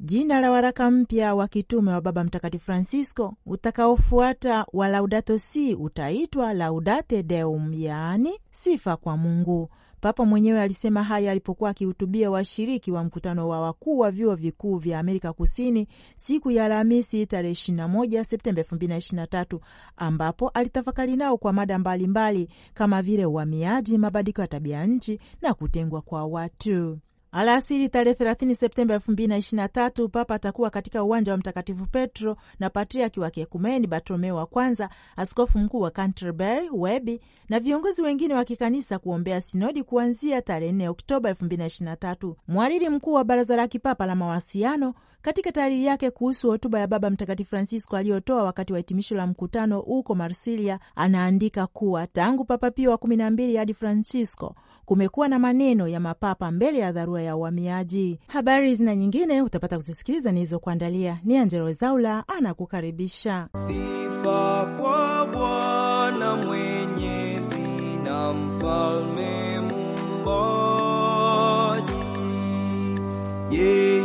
Jina la waraka mpya wa kitume wa Baba Mtakatifu Francisco utakaofuata wa Laudato Si utaitwa Laudate Deum, yaani sifa kwa Mungu. Papa mwenyewe alisema haya alipokuwa akihutubia washiriki wa mkutano wa wakuu wa vyuo vikuu vya Amerika Kusini siku ya Alhamisi tarehe 21 Septemba 2023 ambapo alitafakari nao kwa mada mbalimbali mbali, kama vile uhamiaji, mabadiliko ya tabia nchi na kutengwa kwa watu. Alasiri tarehe 30 Septemba 2023 Papa atakuwa katika uwanja wa Mtakatifu Petro na patriaki wa kiekumeni Bartolomeo wa Kwanza, askofu mkuu wa Canterbury Webi na viongozi wengine wa kikanisa kuombea sinodi kuanzia tarehe 4 Oktoba 2023. Mwariri mkuu wa Baraza la Kipapa la Mawasiliano katika taariri yake kuhusu hotuba ya Baba Mtakatifu Francisco aliyotoa wakati wa hitimisho la mkutano huko Marsilia anaandika kuwa tangu Papa Pio wa kumi na mbili hadi Francisco kumekuwa na maneno ya mapapa mbele ya dharura ya uhamiaji. Habari zina nyingine utapata kuzisikiliza nilizokuandalia. Ni Angelo Zaula anakukaribisha. Sifa kwa Bwana Mwenyezi na Mfalme mumbaji, yeah.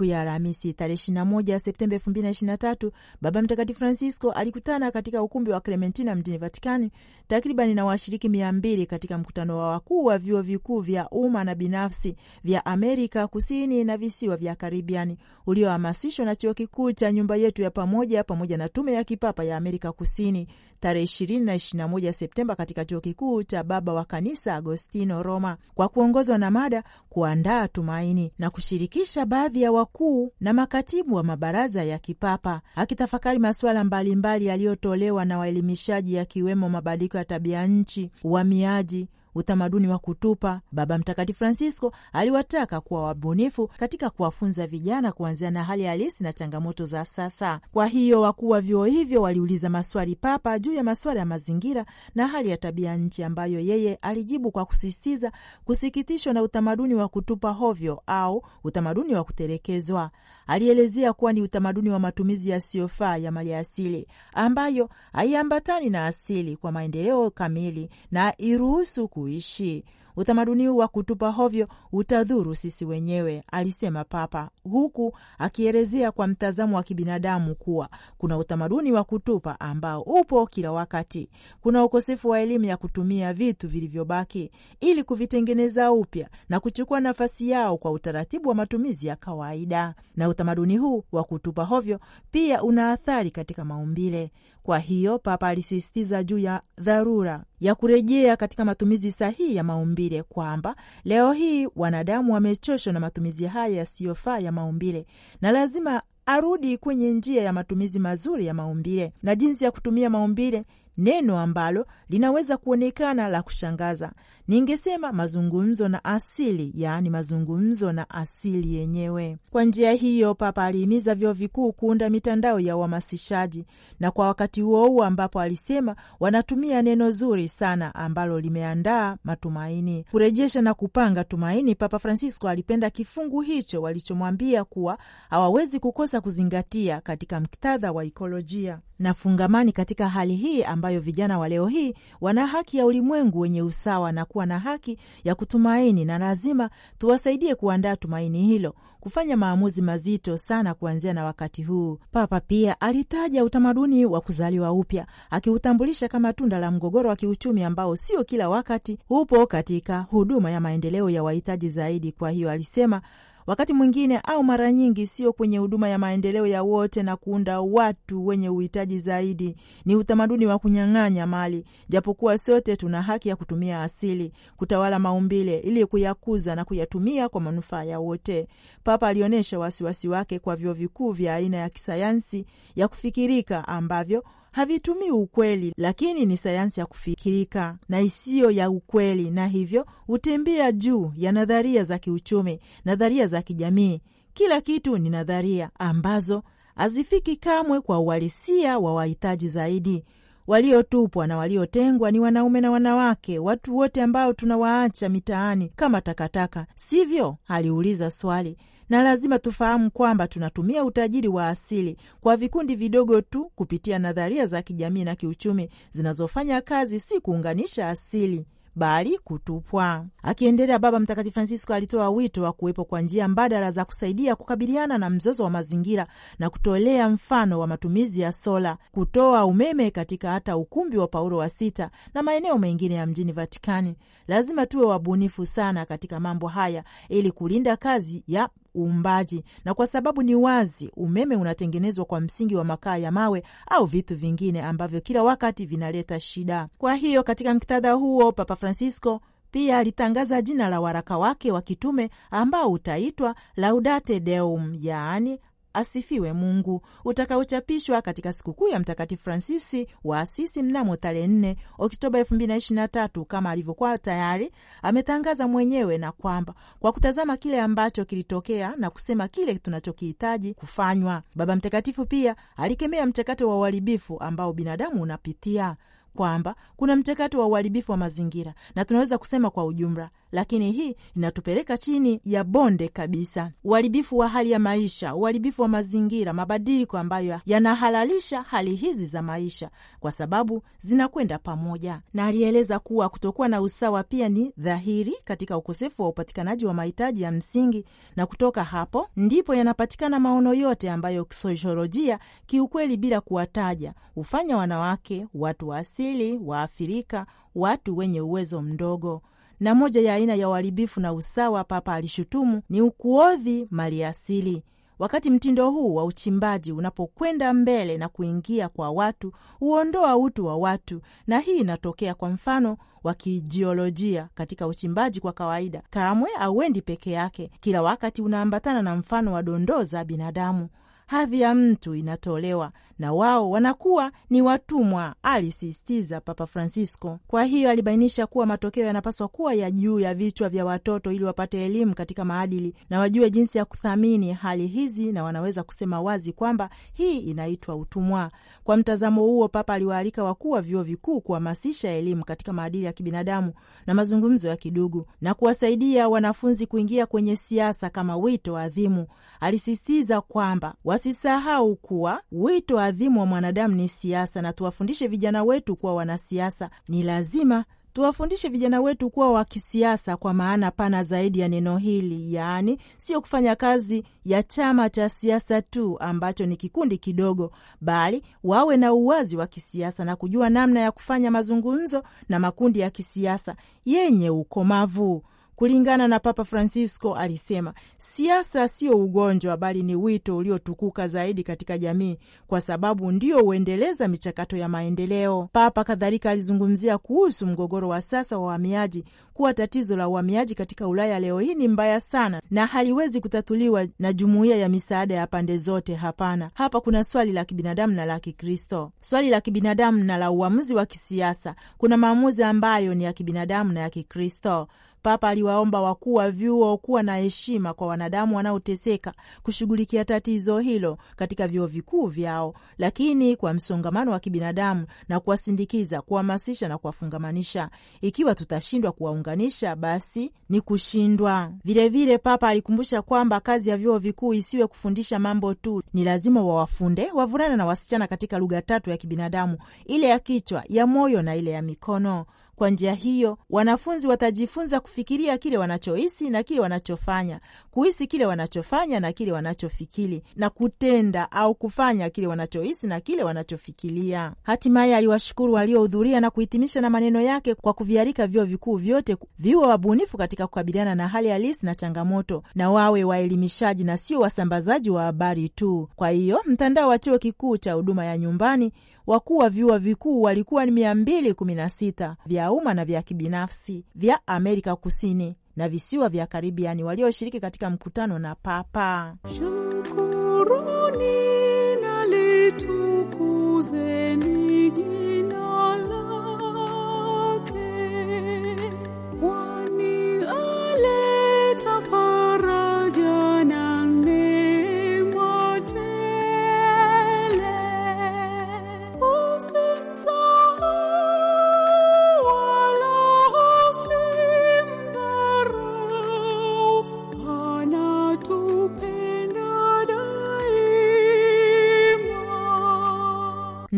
Siku ya Alhamisi tarehe 21 Septemba 2023 Baba Mtakatifu Francisco alikutana katika ukumbi wa Clementina mjini Vatikani takribani na washiriki mia mbili katika mkutano wa wakuu wa vyuo vikuu vya umma na binafsi vya Amerika Kusini na visiwa vya Karibiani uliohamasishwa na chuo kikuu cha nyumba yetu ya pamoja pamoja na tume ya kipapa ya Amerika Kusini tarehe 20 na 21 Septemba katika chuo kikuu cha Baba wa Kanisa Agostino Roma, kwa kuongozwa na mada kuandaa tumaini na kushirikisha baadhi ya wakuu na makatibu wa mabaraza ya kipapa, akitafakari masuala mbalimbali yaliyotolewa na waelimishaji, yakiwemo mabadiliko ya tabia nchi, uhamiaji utamaduni wa kutupa. Baba Mtakatifu Francisco aliwataka kuwa wabunifu katika kuwafunza vijana kuanzia na hali halisi na changamoto za sasa. Kwa hiyo wakuu wa vyuo hivyo waliuliza maswali Papa juu ya masuala ya mazingira na hali ya tabia nchi, ambayo yeye alijibu kwa kusisitiza kusikitishwa na utamaduni wa kutupa hovyo au utamaduni wa kutelekezwa. Alielezea kuwa ni utamaduni wa matumizi yasiyofaa ya mali asili ambayo haiambatani na asili kwa maendeleo kamili na iruhusu kuishi. Utamaduni wa kutupa hovyo utadhuru sisi wenyewe, alisema Papa huku akielezea kwa mtazamo wa kibinadamu kuwa kuna utamaduni wa kutupa ambao upo kila wakati. Kuna ukosefu wa elimu ya kutumia vitu vilivyobaki ili kuvitengeneza upya na kuchukua nafasi yao kwa utaratibu wa matumizi ya kawaida, na utamaduni huu wa kutupa hovyo pia una athari katika maumbile. Kwa hiyo Papa alisisitiza juu ya dharura ya kurejea katika matumizi sahihi ya maumbile, kwamba leo hii wanadamu wamechoshwa na matumizi haya yasiyofaa ya maumbile na lazima arudi kwenye njia ya matumizi mazuri ya maumbile na jinsi ya kutumia maumbile, neno ambalo linaweza kuonekana la kushangaza Ningesema mazungumzo na asili, yaani mazungumzo na asili yenyewe. Kwa njia hiyo, Papa alihimiza vyuo vikuu kuunda mitandao ya uhamasishaji, na kwa wakati huo huo ambapo alisema wanatumia neno zuri sana ambalo limeandaa matumaini, kurejesha na kupanga tumaini. Papa Francisco alipenda kifungu hicho walichomwambia kuwa hawawezi kukosa kuzingatia katika muktadha wa ikolojia na fungamani, katika hali hii ambayo vijana wa leo hii wana haki ya ulimwengu wenye usawa na kuwa kuwa na haki ya kutumaini, na lazima tuwasaidie kuandaa tumaini hilo, kufanya maamuzi mazito sana kuanzia na wakati huu. Papa pia alitaja utamaduni wa kuzaliwa upya, akiutambulisha kama tunda la mgogoro wa kiuchumi ambao sio kila wakati upo katika huduma ya maendeleo ya wahitaji zaidi. Kwa hiyo alisema wakati mwingine au mara nyingi sio kwenye huduma ya maendeleo ya wote na kuunda watu wenye uhitaji zaidi. Ni utamaduni wa kunyang'anya mali, japokuwa sote tuna haki ya kutumia asili, kutawala maumbile ili kuyakuza na kuyatumia kwa manufaa ya wote. Papa alionyesha wasiwasi wake kwa vyuo vikuu vya aina ya kisayansi ya kufikirika ambavyo havitumii ukweli, lakini ni sayansi ya kufikirika na isiyo ya ukweli, na hivyo hutembea juu ya nadharia za kiuchumi, nadharia za kijamii. Kila kitu ni nadharia ambazo hazifiki kamwe kwa uhalisia wa wahitaji zaidi. Waliotupwa na waliotengwa ni wanaume na wanawake, watu wote ambao tunawaacha mitaani kama takataka, sivyo? aliuliza swali na lazima tufahamu kwamba tunatumia utajiri wa asili kwa vikundi vidogo tu kupitia nadharia za kijamii na kiuchumi zinazofanya kazi si kuunganisha asili bali kutupwa. Akiendelea, Baba Mtakatifu Francisco alitoa wito wa kuwepo kwa njia mbadala za kusaidia kukabiliana na mzozo wa mazingira na kutolea mfano wa matumizi ya sola, kutoa umeme katika hata ukumbi wa Paulo wa Sita na maeneo mengine ya mjini Vatikani. Lazima tuwe wabunifu sana katika mambo haya ili kulinda kazi ya uumbaji, na kwa sababu ni wazi umeme unatengenezwa kwa msingi wa makaa ya mawe au vitu vingine ambavyo kila wakati vinaleta shida. Kwa hiyo katika muktadha huo, Papa Francisco pia alitangaza jina la waraka wake wa kitume ambao utaitwa Laudate Deum, yaani Asifiwe Mungu utakaochapishwa katika sikukuu ya Mtakatifu Fransisi wa Asisi mnamo tarehe 4 Oktoba 2023 kama alivyokuwa tayari ametangaza mwenyewe, na kwamba kwa kutazama kile ambacho kilitokea na kusema kile tunachokihitaji kufanywa. Baba Mtakatifu pia alikemea mchakato wa uharibifu ambao binadamu unapitia kwamba kuna mchakato wa uharibifu wa mazingira na tunaweza kusema kwa ujumla lakini hii inatupeleka chini ya bonde kabisa. Uharibifu wa hali ya maisha, uharibifu wa mazingira, mabadiliko ambayo yanahalalisha hali hizi za maisha, kwa sababu zinakwenda pamoja. Na alieleza kuwa kutokuwa na usawa pia ni dhahiri katika ukosefu wa upatikanaji wa mahitaji ya msingi, na kutoka hapo ndipo yanapatikana maono yote ambayo kisosiolojia, kiukweli, bila kuwataja, hufanya wanawake watu wa asili wa Afrika watu wenye uwezo mdogo na moja ya aina ya uharibifu na usawa Papa alishutumu ni ukuodhi maliasili. Wakati mtindo huu wa uchimbaji unapokwenda mbele na kuingia kwa watu, huondoa utu wa watu, na hii inatokea kwa mfano wa kijiolojia katika uchimbaji. Kwa kawaida, kamwe auendi peke yake, kila wakati unaambatana na mfano wa dondoo za binadamu. Hadhi ya mtu inatolewa na wao wanakuwa ni watumwa, alisisitiza Papa Francisco. Kwa hiyo alibainisha kuwa matokeo yanapaswa kuwa ya juu ya vichwa vya watoto ili wapate elimu katika maadili na wajue jinsi ya kuthamini hali hizi, na wanaweza kusema wazi kwamba hii inaitwa utumwa. Kwa mtazamo huo, Papa aliwaalika wakuu wa vyuo vikuu kuhamasisha elimu katika maadili ya kibinadamu na mazungumzo ya kidugu na kuwasaidia wanafunzi kuingia kwenye siasa kama wito adhimu. Alisisitiza kwamba wasisahau kuwa wito adhimu wa mwanadamu ni siasa, na tuwafundishe vijana wetu kuwa wanasiasa. Ni lazima tuwafundishe vijana wetu kuwa wa kisiasa kwa maana pana zaidi ya neno hili, yaani sio kufanya kazi ya chama cha siasa tu ambacho ni kikundi kidogo, bali wawe na uwazi wa kisiasa na kujua namna ya kufanya mazungumzo na makundi ya kisiasa yenye ukomavu. Kulingana na Papa Francisco, alisema siasa sio ugonjwa, bali ni wito uliotukuka zaidi katika jamii, kwa sababu ndio huendeleza michakato ya maendeleo. Papa kadhalika alizungumzia kuhusu mgogoro wa sasa wa wahamiaji, kuwa tatizo la uhamiaji katika Ulaya leo hii ni mbaya sana na haliwezi kutatuliwa na jumuiya ya misaada ya pande zote. Hapana, hapa kuna swali la kibinadamu na la Kikristo, swali la kibinadamu na la uamuzi wa kisiasa. Kuna maamuzi ambayo ni ya kibinadamu na ya Kikristo. Papa aliwaomba wakuu wa vyuo kuwa na heshima kwa wanadamu wanaoteseka, kushughulikia tatizo hilo katika vyuo vikuu vyao, lakini kwa msongamano wa kibinadamu na kuwasindikiza, kuhamasisha na kuwafungamanisha. Ikiwa tutashindwa kuwaunganisha, basi ni kushindwa. Vilevile, Papa alikumbusha kwamba kazi ya vyuo vikuu isiwe kufundisha mambo tu, ni lazima wawafunde wavulana na wasichana katika lugha tatu ya kibinadamu, ile ya kichwa, ya moyo na ile ya mikono. Kwa njia hiyo, wanafunzi watajifunza kufikiria kile wanachohisi na kile wanachofanya, kuhisi kile wanachofanya na kile wanachofikiri, na kutenda au kufanya kile wanachohisi na kile wanachofikiria. Hatimaye aliwashukuru waliohudhuria na kuhitimisha na maneno yake kwa kuviarika vyuo vikuu vyote viwe wabunifu katika kukabiliana na hali halisi na changamoto, na wawe waelimishaji na sio wasambazaji wa habari tu. Kwa hiyo mtandao wa chuo kikuu cha huduma ya nyumbani Wakuu wa vyuo vikuu walikuwa ni 216 vya umma na vya kibinafsi vya Amerika Kusini na visiwa vya Karibiani walioshiriki katika mkutano na Papa. Shukuruni na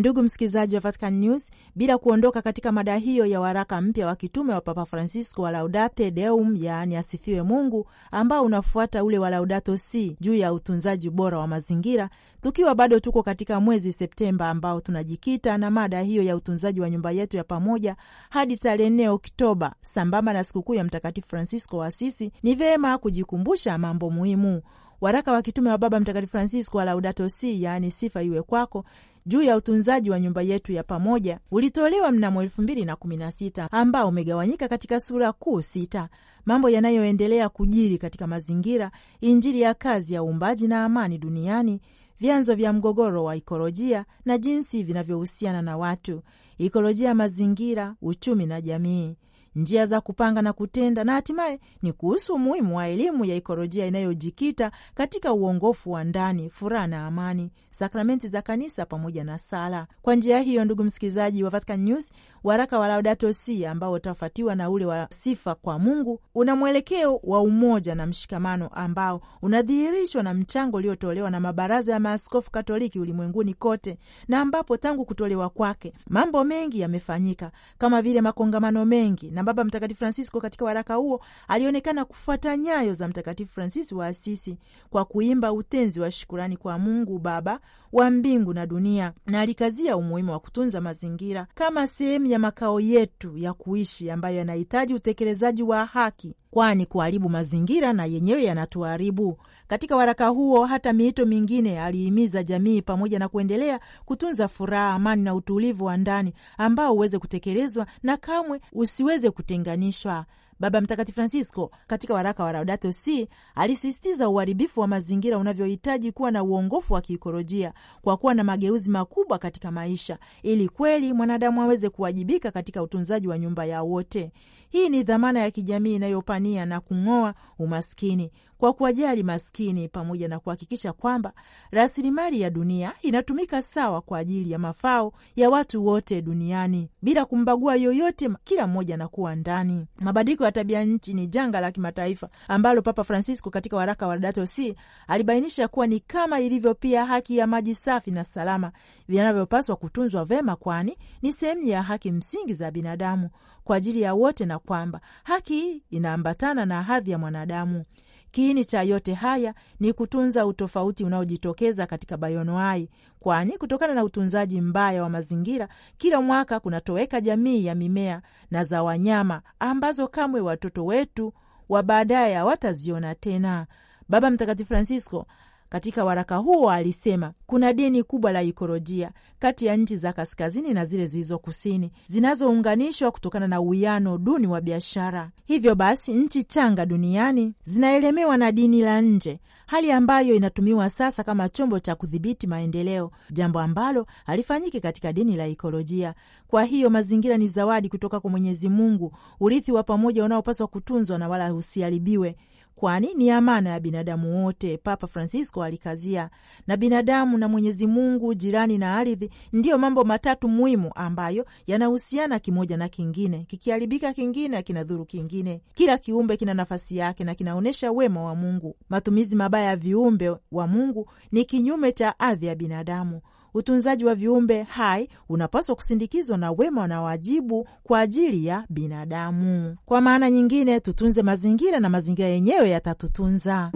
Ndugu msikilizaji wa Vatican News, bila kuondoka katika mada hiyo ya waraka mpya wa kitume wa Papa Francisco wa Laudate Deum, yaani asifiwe Mungu, ambao unafuata ule wa Laudato Si juu ya utunzaji bora wa mazingira, tukiwa bado tuko katika mwezi Septemba ambao tunajikita na mada hiyo ya utunzaji wa nyumba yetu ya pamoja hadi tarehe nne Oktoba, sambamba na sikukuu ya Mtakatifu Francisco wa Asisi, ni vyema kujikumbusha mambo muhimu Waraka wa kitume wa Baba Mtakatifu Francisco wa Laudato Si, yaani sifa iwe kwako juu ya utunzaji wa nyumba yetu ya pamoja ulitolewa mnamo elfu mbili na kumi na sita ambao umegawanyika katika sura kuu sita: mambo yanayoendelea kujiri katika mazingira, injili ya kazi ya uumbaji na amani duniani, vyanzo vya mgogoro wa ikolojia na jinsi vinavyohusiana na watu, ikolojia ya mazingira, uchumi na jamii njia za kupanga na kutenda, na hatimaye ni kuhusu umuhimu wa elimu ya ikolojia inayojikita katika uongofu wa ndani, furaha na amani, sakramenti za kanisa pamoja na sala. Kwa njia hiyo, ndugu msikilizaji wa Vatican News, waraka wa Laudato Si ambao utafuatiwa na ule wa sifa kwa Mungu una mwelekeo wa umoja na mshikamano ambao unadhihirishwa na mchango uliotolewa na mabaraza ya maaskofu Katoliki ulimwenguni kote, na ambapo tangu kutolewa kwake mambo mengi yamefanyika kama vile makongamano mengi na na Baba Mtakatifu Francisco katika waraka huo alionekana kufuata nyayo za Mtakatifu Fransisi wa Asisi kwa kuimba utenzi wa shukurani kwa Mungu Baba wa mbingu na dunia, na alikazia umuhimu wa kutunza mazingira kama sehemu ya makao yetu ya kuishi ambayo yanahitaji utekelezaji wa haki, kwani kuharibu mazingira na yenyewe yanatuharibu. Katika waraka huo, hata miito mingine alihimiza jamii pamoja na kuendelea kutunza furaha, amani na utulivu wa ndani ambao uweze kutekelezwa na kamwe usiweze kutenganishwa. Baba Mtakatifu Francisco katika waraka wa Laudato Si alisisitiza uharibifu wa mazingira unavyohitaji kuwa na uongofu wa kiikolojia kwa kuwa na mageuzi makubwa katika maisha, ili kweli mwanadamu aweze kuwajibika katika utunzaji wa nyumba ya wote. Hii ni dhamana ya kijamii inayopania na kung'oa umaskini kwa kuwajali maskini pamoja na kuhakikisha kwamba rasilimali ya dunia inatumika sawa kwa ajili ya mafao ya watu wote duniani bila kumbagua yoyote, kila mmoja anakuwa ndani. Mabadiliko ya tabia nchi ni janga la kimataifa ambalo Papa Francisco katika waraka wa Laudato Si alibainisha kuwa ni kama ilivyo pia haki ya maji safi na salama, vinavyopaswa kutunzwa vema, kwani ni sehemu ya haki msingi za binadamu kwa ajili ya wote na kwamba haki hii inaambatana na hadhi ya mwanadamu. Kiini cha yote haya ni kutunza utofauti unaojitokeza katika bayonoai, kwani kutokana na utunzaji mbaya wa mazingira kila mwaka kunatoweka jamii ya mimea na za wanyama ambazo kamwe watoto wetu wa baadaye hawataziona tena. Baba Mtakatifu Francisco katika waraka huo alisema kuna deni kubwa la ikolojia kati ya nchi za kaskazini na zile zilizo kusini zinazounganishwa kutokana na uwiano duni wa biashara. Hivyo basi, nchi changa duniani zinaelemewa na dini la nje, hali ambayo inatumiwa sasa kama chombo cha kudhibiti maendeleo, jambo ambalo halifanyiki katika dini la ikolojia. Kwa hiyo mazingira ni zawadi kutoka kwa Mwenyezi Mungu, urithi wa pamoja unaopaswa kutunzwa na wala usiharibiwe kwani ni amana ya binadamu wote, Papa Francisco alikazia. Na binadamu na Mwenyezi Mungu, jirani na ardhi, ndiyo mambo matatu muhimu ambayo yanahusiana kimoja na kingine. Kikiharibika kingine kinadhuru kingine. Kila kiumbe kina nafasi yake na kinaonyesha wema wa Mungu. Matumizi mabaya ya viumbe wa Mungu ni kinyume cha ardhi ya binadamu. Utunzaji wa viumbe hai unapaswa kusindikizwa na wema na wajibu kwa ajili ya binadamu. Kwa maana nyingine, tutunze mazingira na mazingira yenyewe yatatutunza.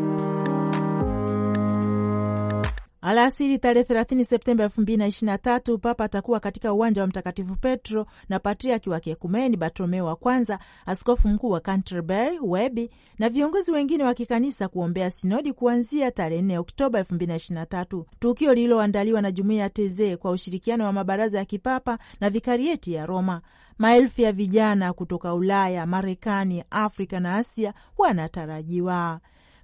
Alasiri tarehe 30 Septemba 2023 Papa atakuwa katika uwanja wa Mtakatifu Petro na patriaki wa kiekumeni Bartolomeo wa Kwanza, askofu mkuu wa Canterbury Webi na viongozi wengine wa kikanisa kuombea sinodi kuanzia tarehe 4 Oktoba 2023, tukio lililoandaliwa na jumuiya ya Teze kwa ushirikiano wa mabaraza ya kipapa na vikarieti ya Roma. Maelfu ya vijana kutoka Ulaya, Marekani, Afrika na Asia wanatarajiwa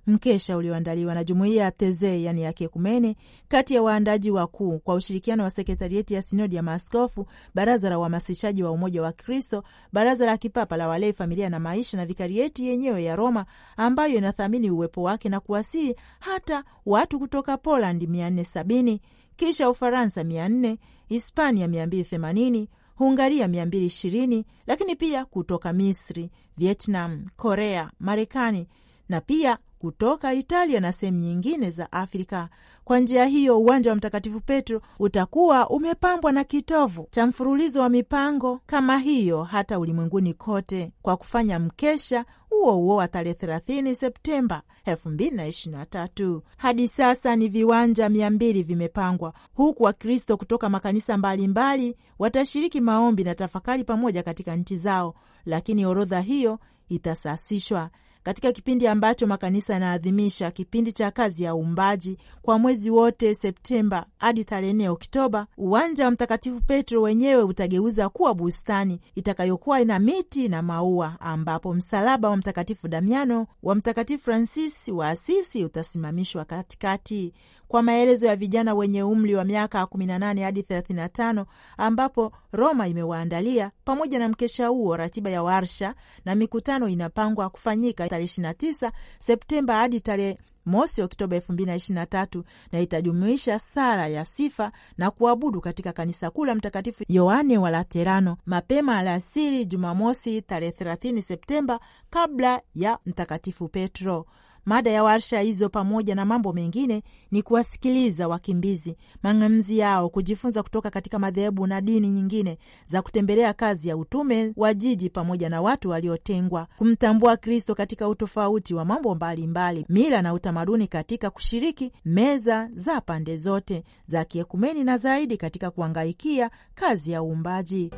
mkesha ulioandaliwa na jumuiya ya Teze yani ya Kekumene, kati ya waandaji wakuu kwa ushirikiano wa sekretarieti ya sinodi ya maaskofu, baraza la uhamasishaji wa umoja wa Kristo, baraza la kipapa la walei, familia na maisha, na vikarieti yenyewe ya Roma ambayo inathamini uwepo wake na kuwasili hata watu kutoka Poland 470 kisha Ufaransa 400 Hispania 280 Hungaria 220 lakini pia kutoka Misri, Vietnam, Korea, Marekani na pia kutoka Italia na sehemu nyingine za Afrika. Kwa njia hiyo, uwanja wa Mtakatifu Petro utakuwa umepambwa na kitovu cha mfululizo wa mipango kama hiyo hata ulimwenguni kote, kwa kufanya mkesha huo huo wa tarehe 30 Septemba 2023. Hadi sasa ni viwanja 200 vimepangwa, huku Wakristo kutoka makanisa mbalimbali mbali watashiriki maombi na tafakari pamoja katika nchi zao, lakini orodha hiyo itasasishwa katika kipindi ambacho makanisa yanaadhimisha kipindi cha kazi ya uumbaji kwa mwezi wote Septemba hadi tarehe 4 Oktoba, uwanja wa Mtakatifu Petro wenyewe utageuza kuwa bustani itakayokuwa ina miti na maua, ambapo msalaba wa Mtakatifu Damiano wa Mtakatifu Francis wa Asisi utasimamishwa katikati kwa maelezo ya vijana wenye umri wa miaka 18 hadi 35, ambapo Roma imewaandalia pamoja na mkesha huo ratiba ya warsha na mikutano inapangwa kufanyika tarehe 29 Septemba hadi tarehe mosi Oktoba 2023 na itajumuisha sala ya sifa na kuabudu katika kanisa kuu la Mtakatifu Yohane wa Laterano mapema alasiri Jumamosi tarehe 30 Septemba, kabla ya Mtakatifu Petro. Mada ya warsha hizo pamoja na mambo mengine ni kuwasikiliza wakimbizi, mang'amzi yao, kujifunza kutoka katika madhehebu na dini nyingine, za kutembelea kazi ya utume wa jiji pamoja na watu waliotengwa, kumtambua Kristo katika utofauti wa mambo mbalimbali, mila na utamaduni, katika kushiriki meza za pande zote za kiekumeni na zaidi katika kuangaikia kazi ya uumbaji.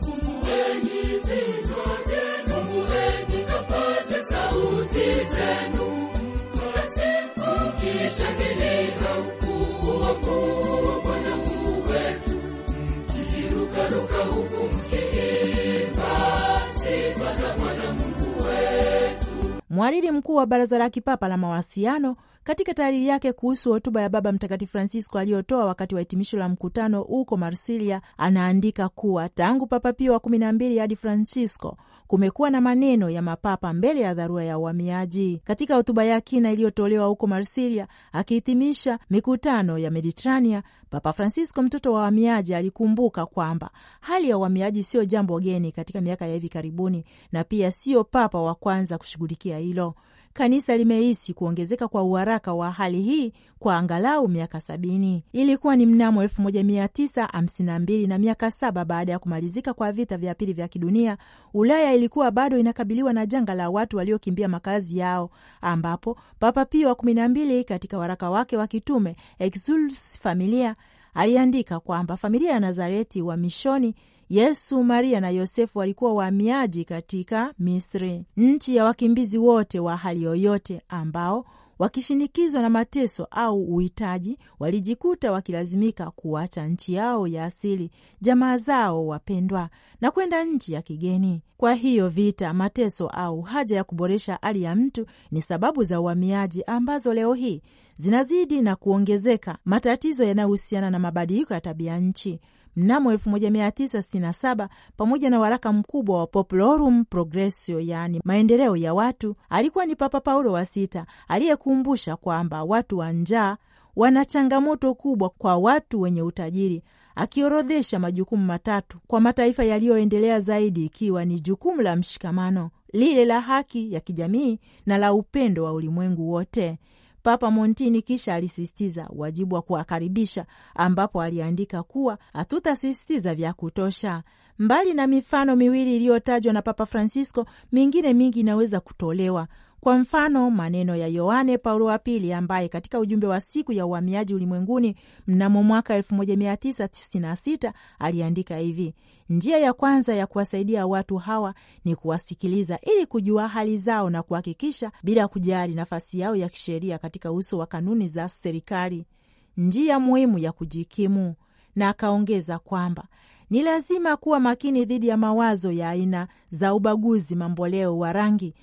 Mwariri mkuu wa Baraza la Kipapa la Mawasiliano katika tahariri yake kuhusu hotuba ya Baba Mtakatifu Francisco aliyotoa wakati wa hitimisho la mkutano huko Marsilia anaandika kuwa tangu Papa Pio wa kumi na mbili hadi Francisco kumekuwa na maneno ya mapapa mbele ya dharura ya uhamiaji. Katika hotuba ya kina iliyotolewa huko Marsilia akihitimisha mikutano ya Mediterania, Papa Francisco, mtoto wa wahamiaji, alikumbuka kwamba hali ya uhamiaji siyo jambo geni katika miaka ya hivi karibuni, na pia siyo papa wa kwanza kushughulikia hilo kanisa limehisi kuongezeka kwa uharaka wa hali hii kwa angalau miaka sabini. Ilikuwa ni mnamo 1952 na miaka saba baada ya kumalizika kwa vita vya pili vya kidunia, Ulaya ilikuwa bado inakabiliwa na janga la watu waliokimbia makazi yao, ambapo Papa Pio wa 12 katika waraka wake wa kitume Exsultis Familia aliandika kwamba familia ya Nazareti wa mishoni Yesu, Maria na Yosefu walikuwa wahamiaji katika Misri, nchi ya wakimbizi wote wa hali yoyote ambao wakishinikizwa na mateso au uhitaji walijikuta wakilazimika kuacha nchi yao ya asili, jamaa zao wapendwa, na kwenda nchi ya kigeni. Kwa hiyo vita, mateso au haja ya kuboresha hali ya mtu ni sababu za uhamiaji ambazo leo hii zinazidi na kuongezeka, matatizo yanayohusiana na mabadiliko ya tabia nchi, mnamo 1967 pamoja na waraka mkubwa wa Populorum Progressio, yaani maendeleo ya watu. Alikuwa ni Papa Paulo wa Sita aliyekumbusha kwamba watu wa njaa wana changamoto kubwa kwa watu wenye utajiri, akiorodhesha majukumu matatu kwa mataifa yaliyoendelea zaidi, ikiwa ni jukumu la mshikamano, lile la haki ya kijamii na la upendo wa ulimwengu wote. Papa Montini kisha alisisitiza wajibu wa kuwakaribisha, ambapo aliandika kuwa hatutasisitiza vya kutosha. Mbali na mifano miwili iliyotajwa na Papa Francisco, mingine mingi inaweza kutolewa kwa mfano maneno ya Yohane Paulo wa Pili ambaye katika ujumbe wa siku ya uhamiaji ulimwenguni mnamo mwaka 1996 aliandika hivi: njia ya kwanza ya kuwasaidia watu hawa ni kuwasikiliza ili kujua hali zao na kuhakikisha, bila kujali nafasi yao ya kisheria katika uso wa kanuni za serikali, njia muhimu ya kujikimu. Na akaongeza kwamba ni lazima kuwa makini dhidi ya mawazo ya aina za ubaguzi mamboleo wa rangi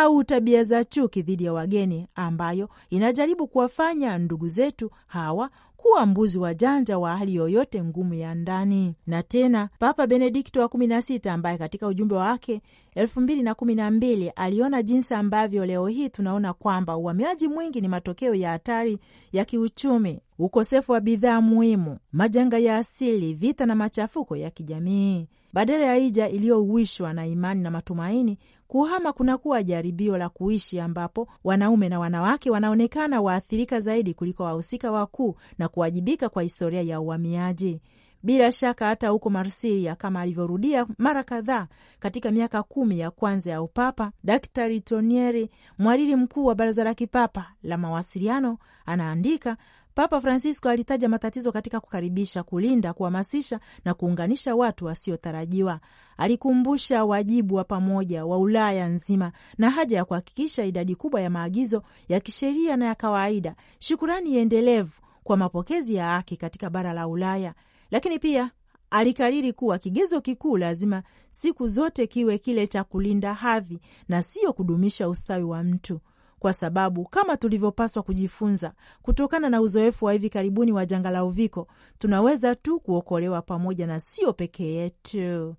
au tabia za chuki dhidi ya wageni ambayo inajaribu kuwafanya ndugu zetu hawa kuwa mbuzi janja wa hali yoyote ngumu ya ndani. Na tena Papa Benedikto wa kumi na sita ambaye katika ujumbe wake elfu mbili na kumi na mbili aliona jinsi ambavyo leo hii tunaona kwamba uhamiaji mwingi ni matokeo ya hatari ya kiuchumi, ukosefu wa bidhaa muhimu, majanga ya asili, vita na machafuko ya kijamii. Badala ya hija iliyowishwa na imani na matumaini, Kuhama kunakuwa jaribio la kuishi ambapo wanaume na wanawake wanaonekana waathirika zaidi kuliko wahusika wakuu na kuwajibika kwa historia ya uhamiaji. Bila shaka hata huko Marsiria, kama alivyorudia mara kadhaa katika miaka kumi ya kwanza ya upapa, Daktari Tonieri, mwariri mkuu wa Baraza la Kipapa la Mawasiliano, anaandika Papa Francisco alitaja matatizo katika kukaribisha, kulinda, kuhamasisha na kuunganisha watu wasiotarajiwa. Alikumbusha wajibu wa pamoja wa Ulaya nzima na haja ya kuhakikisha idadi kubwa ya maagizo ya kisheria na ya kawaida, shukurani endelevu kwa mapokezi ya haki katika bara la Ulaya. Lakini pia alikariri kuwa kigezo kikuu lazima siku zote kiwe kile cha kulinda hadhi na siyo kudumisha ustawi wa mtu kwa sababu kama tulivyopaswa kujifunza kutokana na uzoefu wa hivi karibuni wa janga la Uviko, tunaweza tu kuokolewa pamoja na sio peke yetu.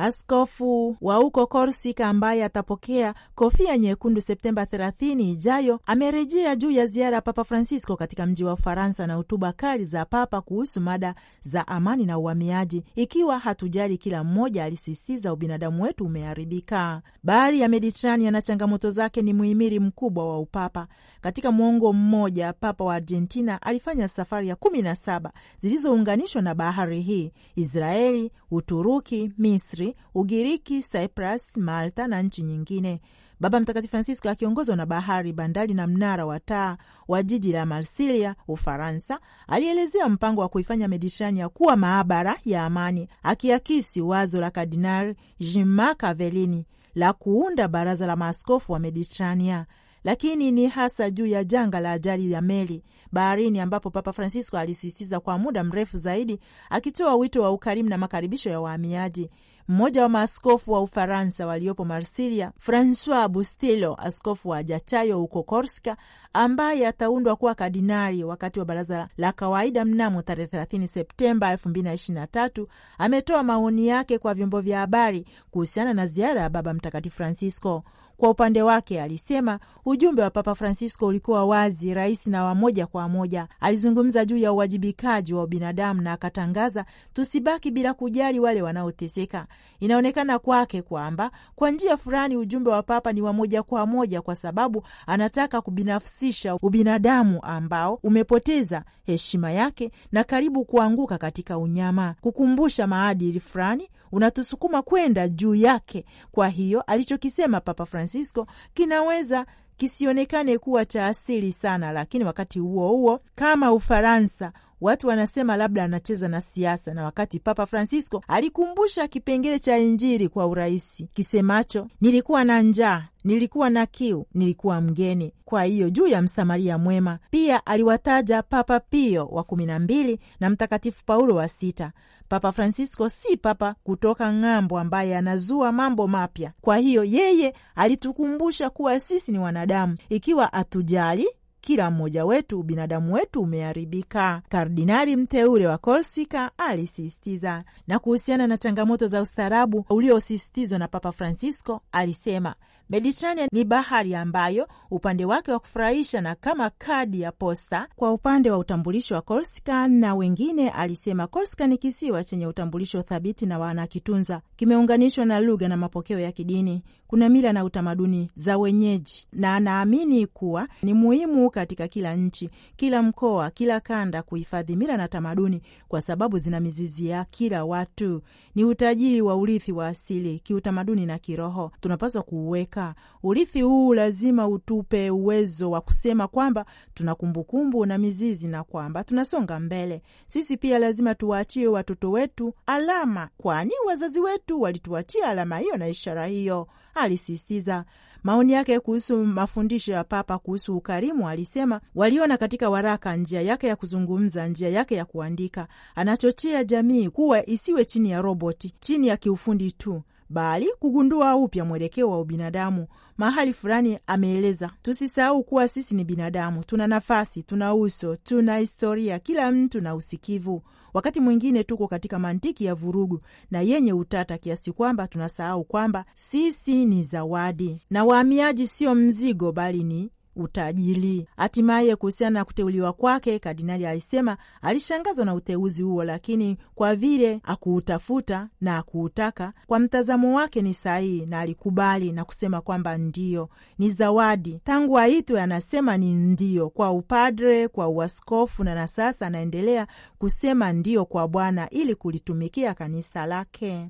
Askofu wa uko Korsika ambaye atapokea kofia nyekundu Septemba 30 ijayo amerejea juu ya ziara ya Papa Francisco katika mji wa Ufaransa na hotuba kali za Papa kuhusu mada za amani na uhamiaji. Ikiwa hatujali kila mmoja, alisisitiza, ubinadamu wetu umeharibika. Bahari ya Mediterania na changamoto zake ni muhimili mkubwa wa upapa. Katika mwongo mmoja, Papa wa Argentina alifanya safari ya kumi na saba zilizounganishwa na bahari hii: Israeli, Uturuki, Misri, Ugiriki, Cyprus, Malta na nchi nyingine. Baba Mtakatifu Francisco akiongozwa na bahari, bandari na mnara wa taa wa jiji la Marsilia, Ufaransa, alielezea mpango wa kuifanya Mediterania kuwa maabara ya amani, akiakisi wazo la Kardinali Jean-Marc Avellini la kuunda baraza la maaskofu wa Mediterania, lakini ni hasa juu ya janga la ajali ya meli baharini ambapo Papa Francisco alisisitiza kwa muda mrefu zaidi, akitoa wito wa ukarimu na makaribisho ya wahamiaji. Mmoja wa maaskofu wa Ufaransa waliopo Marsilia, Francois Bustilo, askofu wa jachayo huko Korska, ambaye ataundwa kuwa kardinali wakati wa baraza la kawaida mnamo tarehe 30 Septemba 2023, ametoa maoni yake kwa vyombo vya habari kuhusiana na ziara ya Baba Mtakatifu Francisco. Kwa upande wake alisema ujumbe wa Papa Francisco ulikuwa wazi, rahisi na wa moja kwa moja. Alizungumza juu ya uwajibikaji wa ubinadamu na akatangaza, tusibaki bila kujali wale wanaoteseka. Inaonekana kwake kwamba kwa njia fulani ujumbe wa Papa ni wa moja kwa moja, kwa sababu anataka kubinafsi kuhusisha ubinadamu ambao umepoteza heshima yake na karibu kuanguka katika unyama. Kukumbusha maadili fulani unatusukuma kwenda juu yake. Kwa hiyo alichokisema Papa Francisco kinaweza kisionekane kuwa cha asili sana, lakini wakati huo huo, kama Ufaransa Watu wanasema labda anacheza na siasa, na wakati Papa Francisco alikumbusha kipengele cha Injili kwa urahisi kisemacho, nilikuwa na njaa nilikuwa na kiu, nilikuwa mgeni. Kwa hiyo juu ya msamaria mwema pia aliwataja Papa Pio wa kumi na mbili na Mtakatifu Paulo wa sita. Papa Francisco si papa kutoka ng'ambo ambaye anazua mambo mapya. Kwa hiyo yeye alitukumbusha kuwa sisi ni wanadamu, ikiwa hatujali kila mmoja wetu, ubinadamu wetu umeharibika, kardinali mteule wa Korsika alisisitiza. Na kuhusiana na changamoto za ustaarabu uliosisitizwa na Papa Francisco, alisema Mediterania ni bahari ambayo upande wake wa kufurahisha na kama kadi ya posta kwa upande wa utambulisho wa Korsika na wengine. Alisema Korsika ni kisiwa chenye utambulisho thabiti na wanakitunza, kimeunganishwa na lugha na mapokeo ya kidini kuna mila na utamaduni za wenyeji, na anaamini kuwa ni muhimu katika kila nchi, kila mkoa, kila kanda kuhifadhi mila na tamaduni kwa sababu zina mizizi ya kila watu. Ni utajiri wa urithi wa asili kiutamaduni na kiroho, tunapaswa kuuweka urithi huu. Lazima utupe uwezo wa kusema kwamba tuna kumbukumbu na mizizi na kwamba tunasonga mbele. Sisi pia lazima tuwaachie watoto wetu alama, kwani wazazi wetu walituachia alama hiyo na ishara hiyo alisisitiza. Maoni yake kuhusu mafundisho ya Papa kuhusu ukarimu, alisema waliona katika waraka njia yake ya kuzungumza, njia yake ya kuandika. Anachochea jamii kuwa isiwe chini ya roboti, chini ya kiufundi tu bali kugundua upya mwelekeo wa ubinadamu. Mahali fulani ameeleza, tusisahau kuwa sisi ni binadamu, tuna nafasi, tuna uso, tuna historia, kila mtu na usikivu wakati mwingine tuko katika mantiki ya vurugu na yenye utata kiasi kwamba tunasahau kwamba sisi ni zawadi na wahamiaji sio mzigo, bali ni utajili. Hatimaye, kuhusiana na kuteuliwa kwake, kardinali alisema alishangazwa na uteuzi huo, lakini kwa vile akuutafuta na akuutaka, kwa mtazamo wake ni sahihi, na alikubali na kusema kwamba ndiyo, ni zawadi. Tangu aitwe anasema ni ndiyo kwa upadre, kwa uaskofu, na na sasa anaendelea kusema ndiyo kwa Bwana ili kulitumikia kanisa lake.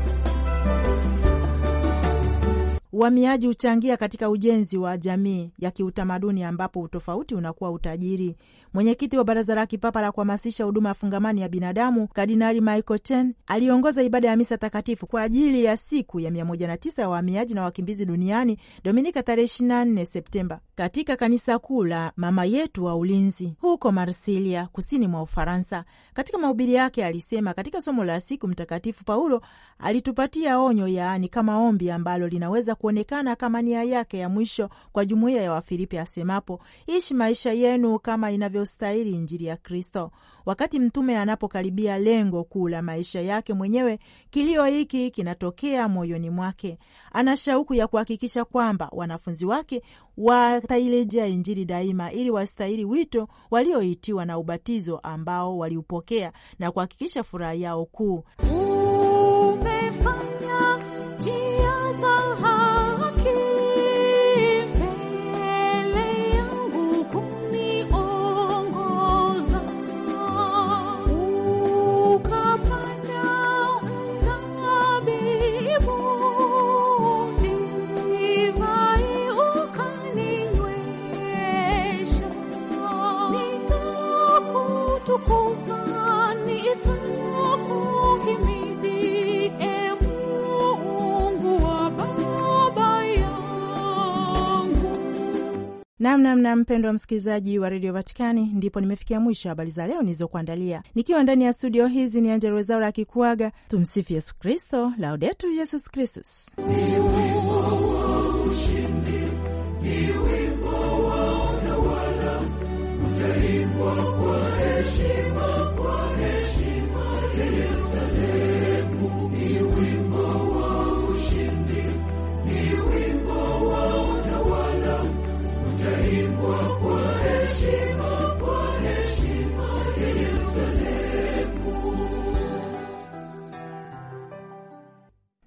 Uhamiaji huchangia katika ujenzi wa jamii ya kiutamaduni ambapo utofauti unakuwa utajiri. Mwenyekiti wa Baraza la Kipapa la Kuhamasisha Huduma Fungamani ya Binadamu, Kardinali Michael Chen aliongoza ibada ya misa takatifu kwa ajili ya siku ya 109 ya wahamiaji na wakimbizi duniani Dominika tarehe 24 Septemba katika kanisa kuu la Mama Yetu wa Ulinzi huko Marsilia, kusini mwa Ufaransa. Katika mahubiri yake alisema, katika somo la siku Mtakatifu Paulo alitupatia onyo, yaani kama ombi ambalo linaweza kuonekana kama nia yake ya mwisho kwa jumuiya ya Wafilipi asemapo, ishi maisha yenu kama inavyo inavyostahili Injili ya Kristo. Wakati mtume anapokaribia lengo kuu la maisha yake mwenyewe, kilio hiki kinatokea moyoni mwake. Ana shauku ya kuhakikisha kwamba wanafunzi wake watailejea Injili daima, ili wastahili wito walioitiwa na ubatizo ambao waliupokea na kuhakikisha furaha yao kuu. Namnamna mpendo wa msikilizaji wa redio Vatikani, ndipo nimefikia mwisho habari za leo nilizokuandalia nikiwa ndani ya studio hizi. Ni Anjelo Wezaura akikuaga. Tumsifu Yesu Kristo, Laudetur Yesus Kristus.